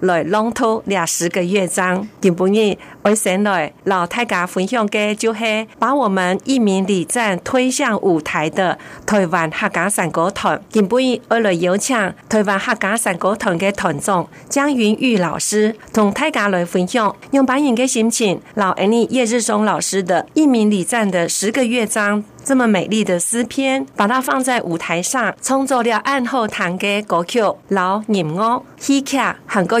來龍頭倆十個樂章，今半日我先來老太家分享嘅就係把我們《一鳴禮讚》推向舞台的台灣客家山歌團，今半日我來邀請台灣客家山歌團嘅團長江雲玉老師同太家來分享，用白雲嘅心情，老 a n 葉日松老師的《一鳴禮讚》的十個樂章，這麼美麗的詩篇，把它放在舞台上，創作了暗后堂嘅歌曲，老銀鵝希卡，習習韓國。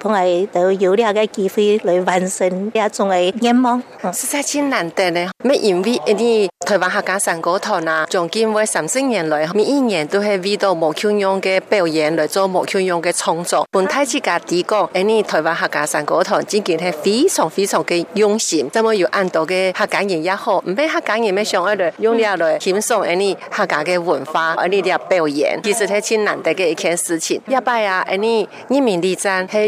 碰係都有了個機會來完成兩種嘅願望，實在真難得咧。咩因為呢？台灣客家山歌團啊，從建國三十年來，每一年都係為到木腔用嘅表演來做木腔用嘅創作。本台之家提供，呢台灣客家山歌團，只見係非常非常嘅用心。怎麼要按到嘅客家人也好，唔俾客家人咩上阿度，用阿度欣賞呢客家嘅文化，呢啲嘅表演，其實係真難得嘅一件事情。呀拜啊！呢人民戰爭係。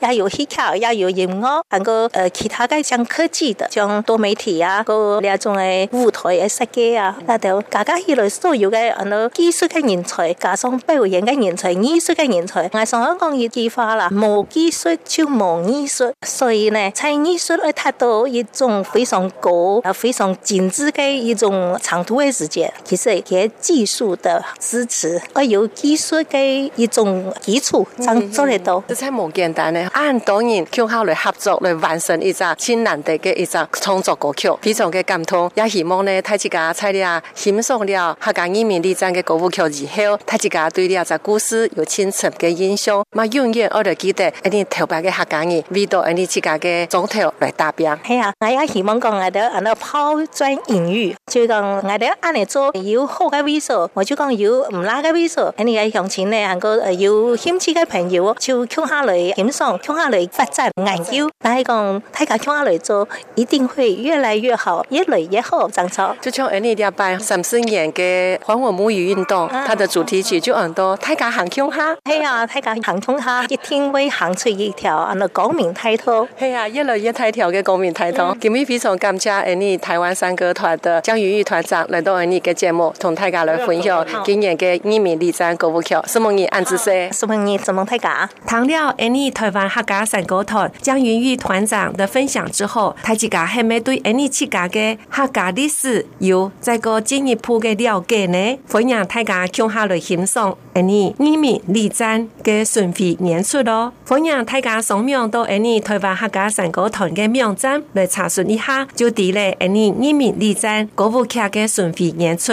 也有技巧，也有音樂，還有呃其他的，像科技的，像多媒體啊，各兩種的舞台的設計啊，那都，大家家而所有的，嘅嗰技術的人才，加上表演的人才，藝術的人才，加上香港國際化啦，冇技術就冇藝術，所以呢，趁藝術而達到一種非常高、非常精緻的一種長途的時間，其實嘅技術的支持，而有技術的一種基礎，先做得到、 嗯，都係冇簡單。按、嗯、當然傾下嚟，合作來完成一隻新難度嘅一隻創作歌曲，非常嘅感動，也希望呢睇家睇了，欣賞了客家移民歷史嘅歌舞劇之後，睇住家對你啊隻故事有親切嘅印象。咪永遠我都記得。你頭排嘅客家味道到你自家嘅狀態嚟答辯。係啊，我也希望講我哋啊，那拋磚引玉，就講、是、我哋按嚟做，有好嘅因素，我就講有唔辣嘅因素，喺你嘅鄉親呢，能夠有興趣嘅朋友，就傾下嚟欣賞。瓊花蕾發展研究，但係講，睇下瓊花蕾做，一定會越來越好，越來越好。鄭超，就像安尼啲啊，白。三四年嘅《還我母語》運動，它的主題曲就很多，大家行瓊花。係、哎、啊，大家行瓊花，一定會行出一條啊，那共鳴抬頭。係、嗯、啊，越、嗯、來越抬頭嘅共鳴抬頭。今、嗯、日非常感謝安尼台灣山歌團的張宇團長來到安尼嘅節目，嗯、同大家來分享、嗯、今年嘅人民立場歌舞橋。什麼、啊、什麼怎麼台灣客家山歌團江云玉團長的分享之後，大家還沒對安尼自家的客家歷史有再過進一步的了解呢，歡迎大家共下來欣賞安尼二面立讚嘅巡迴演出咯，歡迎大家掃描到安尼台灣客家山歌團的網站來查詢一下，就睇咧安尼二面立讚歌舞劇嘅巡迴演出。